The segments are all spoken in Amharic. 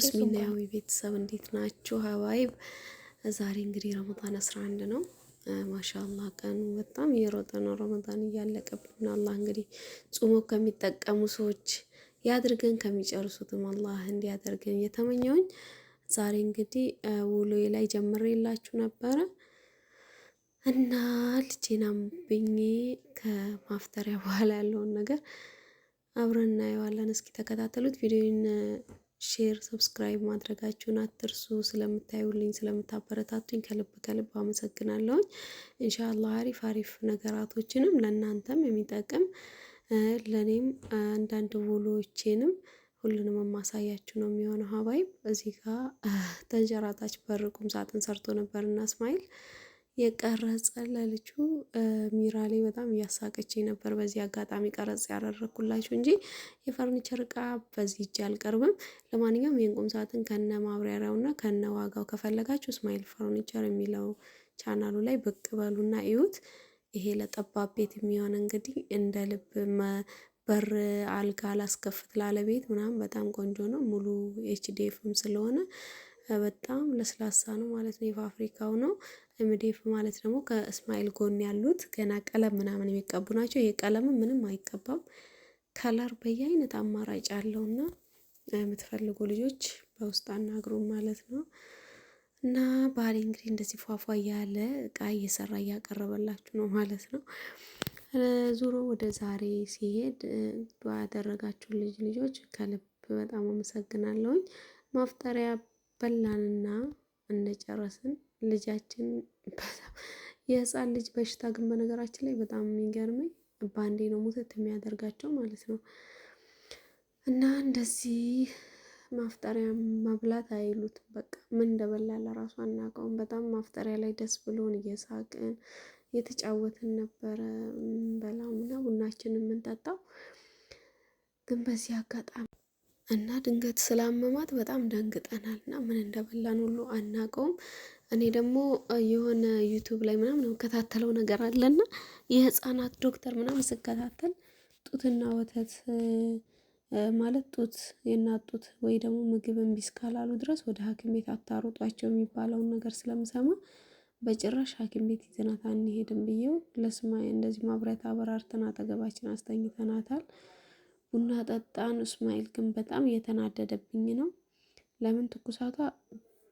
ኡስሚናዊ ቤተሰብ እንዴት ናችሁ? ሀባይብ ዛሬ እንግዲህ ረመዳን አስራ ነው። ማሻላ ቀኑ በጣም የሮጠ ነው። ረመዳን እያለቀብን አላህ እንግዲህ ጾሞ ከሚጠቀሙ ሰዎች ያድርገን፣ ከሚጨርሱትም አላህ እንዲያደርገን እየተመኘውኝ ዛሬ እንግዲህ ውሎዬ ላይ ጀምሬላችሁ ነበረ እና ልጄን አሞብኝ ከማፍጠሪያ በኋላ ያለውን ነገር አብረን እናየዋለን። እስኪ ተከታተሉት። ቪዲዮን ሼር፣ ሰብስክራይብ ማድረጋችሁን አትርሱ። ስለምታዩልኝ፣ ስለምታበረታቱኝ ከልብ ከልብ አመሰግናለሁኝ። እንሻላ አሪፍ አሪፍ ነገራቶችንም ለእናንተም የሚጠቅም ለእኔም አንዳንድ ውሎቼንም ሁሉንም የማሳያችሁ ነው የሚሆነው። ሀባይም እዚህ ጋር ተንሸራታች በር ቁም ሳጥን ሰርቶ ነበር እና እስማኤል የቀረጸ ለልጁ ሚራ ላይ በጣም እያሳቀች ነበር። በዚህ አጋጣሚ ቀረጽ ያደረግኩላችሁ እንጂ የፈርኒቸር እቃ በዚህ እጅ አልቀርብም። ለማንኛውም ይህን ቁም ሳጥን ከነ ማብራሪያው እና ከነ ዋጋው ከፈለጋችሁ ስማይል ፈርኒቸር የሚለው ቻናሉ ላይ ብቅ በሉና እዩት። ይሄ ለጠባብ ቤት የሚሆን እንግዲህ እንደ ልብ በር አልጋ ላስከፍት ላለ ቤት ምናምን በጣም ቆንጆ ነው። ሙሉ ኤችዲኤፍም ስለሆነ በጣም ለስላሳ ነው ማለት ነው። የፋብሪካው ነው። ኤምዲኤፍ ማለት ደግሞ ከእስማኤል ጎን ያሉት ገና ቀለም ምናምን የሚቀቡ ናቸው። ይሄ ቀለም ምንም አይቀባም። ከለር በየአይነት አማራጭ አለው እና የምትፈልጉ ልጆች በውስጥ አናግሩ ማለት ነው። እና ባህሪ እንግዲህ እንደዚህ ፏፏ ያለ እቃ እየሰራ እያቀረበላችሁ ነው ማለት ነው። ዙሮ ወደ ዛሬ ሲሄድ ዱዓ ያደረጋችሁ ልጅ ልጆች ከልብ በጣም አመሰግናለሁኝ። ማፍጠሪያ በላንና እንደጨረስን ልጃችን የህፃን ልጅ በሽታ ግን በነገራችን ላይ በጣም የሚገርመኝ በአንዴ ነው ሙትት የሚያደርጋቸው ማለት ነው። እና እንደዚህ ማፍጠሪያ መብላት አይሉትም። በቃ ምን እንደበላ ለራሱ አናውቀውም። በጣም ማፍጠሪያ ላይ ደስ ብሎን እየሳቅን እየተጫወትን ነበረ በላውና ቡናችን የምንጠጣው ግን በዚህ አጋጣሚ እና ድንገት ስላመማት በጣም ደንግጠናል እና ምን እንደበላን ሁሉ አናውቀውም። እኔ ደግሞ የሆነ ዩቱብ ላይ ምናምን የምከታተለው ነገር አለና የህፃናት ዶክተር ምናምን ስከታተል ጡትና ወተት ማለት ጡት የናጡት ወይ ደግሞ ምግብ እምቢ እስካላሉ ድረስ ወደ ሐኪም ቤት አታሮጧቸው የሚባለውን ነገር ስለምሰማ በጭራሽ ሐኪም ቤት ይዘናት አንሄድም ብዬው ለስማ እንደዚህ ማብሪያት አበራርተን አጠገባችን አስተኝተናታል። ቡና ጠጣን። እስማኤል ግን በጣም እየተናደደብኝ ነው። ለምን ትኩሳቷ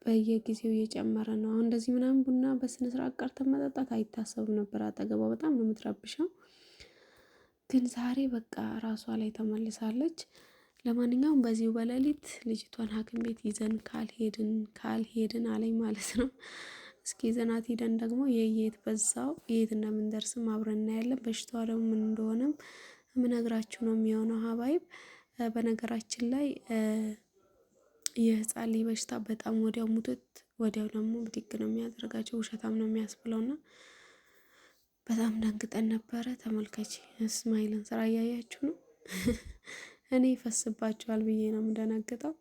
በየጊዜው እየጨመረ ነው። አሁን እንደዚህ ምናምን ቡና በስነ ስርዓት ቀርተን መጠጣት አይታሰብም ነበር። አጠገቧ በጣም ነው የምትረብሸው። ግን ዛሬ በቃ ራሷ ላይ ተመልሳለች። ለማንኛውም በዚሁ በሌሊት ልጅቷን ሐኪም ቤት ይዘን ካልሄድን ካልሄድን አለኝ ማለት ነው። እስኪ ይዘናት ሂደን ደግሞ የየት በዛው የት እንደምንደርስም አብረን እናያለን። በሽታዋ ደግሞ ምን እንደሆነም የምነግራችሁ ነው የሚሆነው ሀባይብ በነገራችን ላይ የህፃን ልጅ በሽታ በጣም ወዲያው ሙትት ወዲያው ደግሞ ብድግ ነው የሚያደርጋቸው፣ ውሸታም ነው የሚያስብለውና በጣም ደንግጠን ነበረ። ተመልካች እስማኤልን ስራ እያያችሁ ነው። እኔ ይፈስባቸዋል ብዬ ነው የምደነግጠው።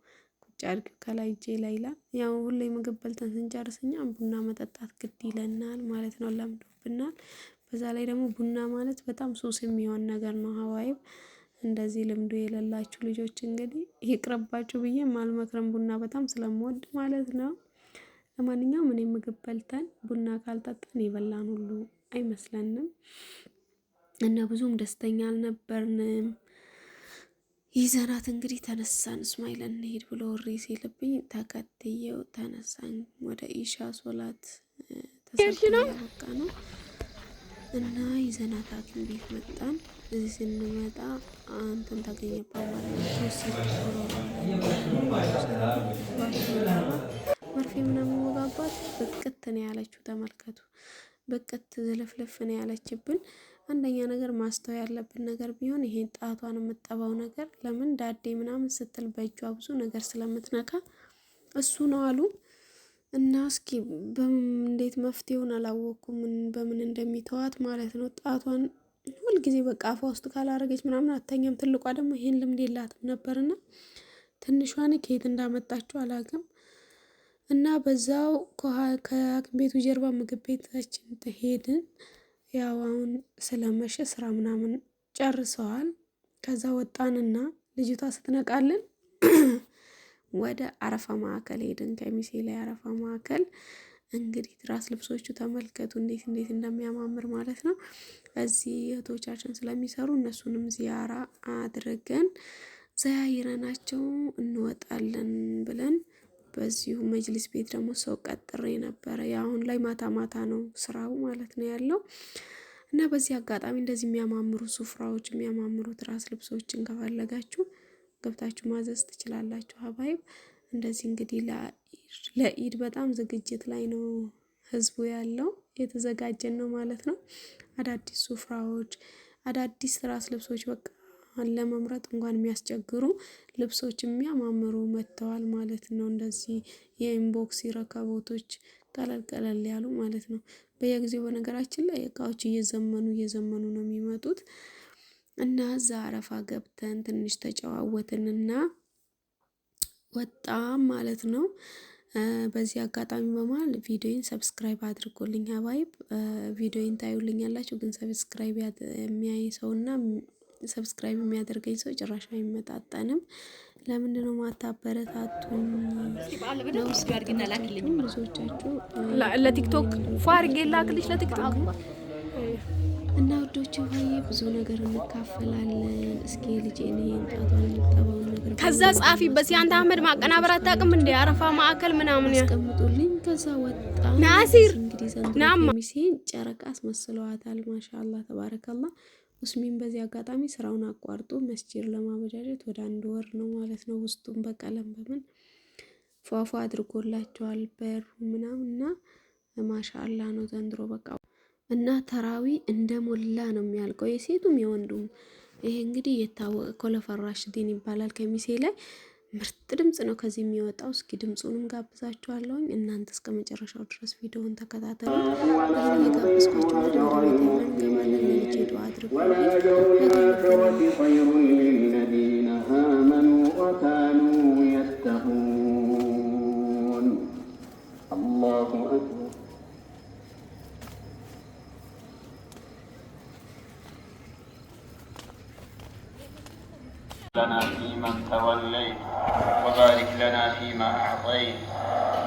ቁጭ አድርጊው ከላይ እጄ ይላል። ያው ሁሌ ምግብ በልተን ስንጨርስ ቡና መጠጣት ግድ ይለናል ማለት ነው፣ ለምዶብናል። በዛ ላይ ደግሞ ቡና ማለት በጣም ሱስ የሚሆን ነገር ነው ሀዋይም እንደዚህ ልምዱ የሌላችሁ ልጆች እንግዲህ ይቅርባችሁ ብዬ ማልመክረም ቡና በጣም ስለምወድ ማለት ነው። ለማንኛውም እኔ ምግብ በልተን ቡና ካልጠጣን የበላን ሁሉ አይመስለንም እና ብዙም ደስተኛ አልነበርንም። ይዘናት እንግዲህ ተነሳን። እስማኤል እንሄድ ብሎ ወሬ ሲልብኝ ተከትየው ተነሳን ወደ ኢሻ ሶላት ተሰ ነው። እና ይዘናት ሐኪም ቤት መጣን። እዚህ ስንመጣ አንተን ታገኘባት ማለት ነው። መርፌ ምናምን ወጋባት። በቅት ነው ያለችው። ተመልከቱ፣ በቅት ዝልፍልፍ ነው ያለችብን። አንደኛ ነገር ማስተው ያለብን ነገር ቢሆን ይሄን ጣቷን የምጠባው ነገር ለምን ዳዴ ምናምን ስትል በእጇ ብዙ ነገር ስለምትነካ እሱ ነው አሉ እና እስኪ እንዴት መፍትሄውን አላወቅኩም በምን እንደሚተዋት ማለት ነው። ጣቷን ሁልጊዜ በቃ አፏ ውስጥ ካላረገች ምናምን አተኛም። ትልቋ ደግሞ ይሄን ልምድ የላትም ነበርና ትንሿን ከየት እንዳመጣችው አላውቅም። እና በዛው ከሐኪም ቤቱ ጀርባ ምግብ ቤታችን ሄድን። ያው አሁን ስለመሸ ስራ ምናምን ጨርሰዋል። ከዛ ወጣንና ልጅቷ ስትነቃልን ወደ አረፋ ማዕከል ሄድን። ከሚሴ ላይ አረፋ ማዕከል እንግዲህ ትራስ ልብሶቹ ተመልከቱ እንዴት እንዴት እንደሚያማምር ማለት ነው። እዚህ እህቶቻችን ስለሚሰሩ እነሱንም ዚያራ አድርገን ዘያይረናቸው እንወጣለን ብለን በዚሁ መጅሊስ ቤት ደግሞ ሰው ቀጥሬ ነበረ። አሁን ላይ ማታ ማታ ነው ስራው ማለት ነው ያለው እና በዚህ አጋጣሚ እንደዚህ የሚያማምሩ ሱፍራዎች የሚያማምሩ ትራስ ልብሶችን ከፈለጋችሁ ገብታችሁ ማዘዝ ትችላላችሁ። ሀባይብ እንደዚህ እንግዲህ ለኢድ በጣም ዝግጅት ላይ ነው ህዝቡ ያለው የተዘጋጀን ነው ማለት ነው። አዳዲስ ሱፍራዎች፣ አዳዲስ ትራስ ልብሶች በቃ ለመምረጥ እንኳን የሚያስቸግሩ ልብሶች የሚያማምሩ መጥተዋል ማለት ነው። እንደዚህ የኢንቦክስ ረከቦቶች ቀለል ቀለል ያሉ ማለት ነው። በየጊዜው በነገራችን ላይ እቃዎች እየዘመኑ እየዘመኑ ነው የሚመጡት። እና እዛ አረፋ ገብተን ትንሽ ተጨዋወትን እና ወጣም ማለት ነው። በዚህ አጋጣሚ በመሃል ቪዲዮን ሰብስክራይብ አድርጎልኝ ሀባይብ ቪዲዮን ታዩልኛላችሁ፣ ግን ሰብስክራይብ የሚያይ ሰው እና ሰብስክራይብ የሚያደርገኝ ሰው ጭራሽ አይመጣጠንም። ለምንድን ነው ማታበረታቱን? ነው ሲያርግና ብዙዎቻችሁ ለቲክቶክ ፏ ላክልሽ ለቲክቶክ እና ውዶች ሆይ ብዙ ነገር እንካፈላለን። እስኪ ልጅ ኔ የምጣቷን የምጠባው ነገር ከዛ ጻፊበት በሲያንተ አህመድ ማቀናበር አታውቅም እንዴ? አረፋ ማዕከል ምናምን ያስቀምጡልኝ። ከዛ ወጣ ናሲር ሚሴን ጨረቃ አስመስለዋታል። ማሻአላ ተባረከላ። ውስሚን በዚህ አጋጣሚ ስራውን አቋርጦ መስጂድ ለማበጃጀት ወደ አንድ ወር ነው ማለት ነው። ውስጡን በቀለም በምን ፏፏ አድርጎላቸዋል በሩ ምናምን እና ማሻአላ ነው ዘንድሮ በቃ እና ተራዊ እንደሞላ ነው የሚያልቀው የሴቱም የወንዱም። ይሄ እንግዲህ የታወቀ ኮለፈራሽ ዲን ይባላል። ከሚሴ ላይ ምርጥ ድምፅ ነው ከዚህ የሚወጣው። እስኪ ድምፁንም ጋብዛችኋለሁኝ። እናንተ እስከ መጨረሻው ድረስ ቪዲዮውን ተከታተሉ። ይህን የጋብዝኳቸው ወደ ቤት لنا فيما توليت وبارك لنا فيما أعطيت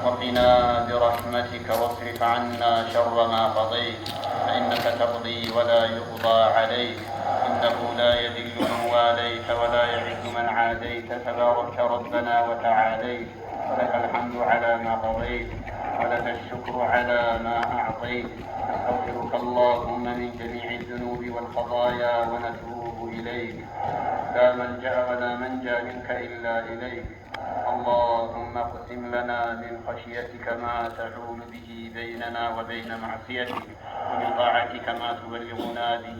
وقنا برحمتك واصرف عنا شر ما قضيت فإنك تقضي ولا يقضى عليك إنه لا يذل من واليت ولا يعز من عاديت تبارك ربنا وتعاليت ولك الحمد على ما قضيت ولك الشكر على ما أعطيت نستغفرك اللهم من جميع الذنوب والخطايا ونتوب إليك لا ملجأ ولا منجا منك إلا إليك اللهم اقسم لنا من خشيتك ما تحول به بيننا وبين معصيتك ومن طاعتك ما تبلغنا به